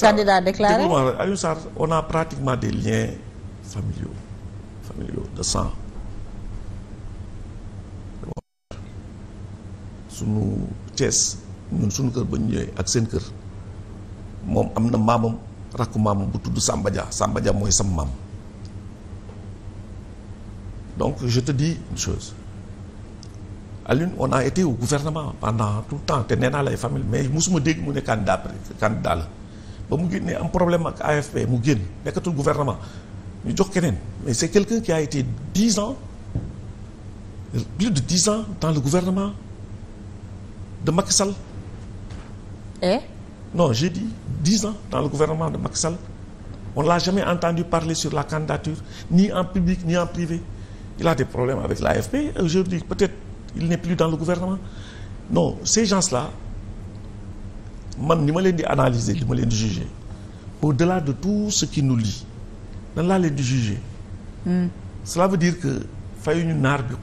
candidat déclaré Aliou Sarr on a pratiquement des lien familiaux familiaux de sang sunu Thiès ñun sunu kër ba ñu ñëwee ak seen kër moom am na maamam rakku maamam bu tudd Samba Dia mooy sam maam donc je te une chose Alioune on a été au gouvernement pendant tout le temps te nee naa lay famille mais musuma dégg mu ne candidat candidat la ba mu génnee am problème ak AFP mu génn nekkatul gouvernement ñu jox keneen mais c'est quelqu'un qui a été dix ans plus de dix ans dans le gouvernement de Macky Sall. eh. non j'ai dix ans dans le gouvernement de Macky Sall on l'a jamais entendu parler sur la candidature ni en public ni en privé il a des problèmes avec l'AFP aujourd'hui peut-être il n'est plus dans le gouvernement non ces gens-là man ni ma leen di analyser li ma leen di juger au-delà de tout ce qui nous lie nan laa leen di juger. Hmm. cela veut dire que fayuñu naar bi.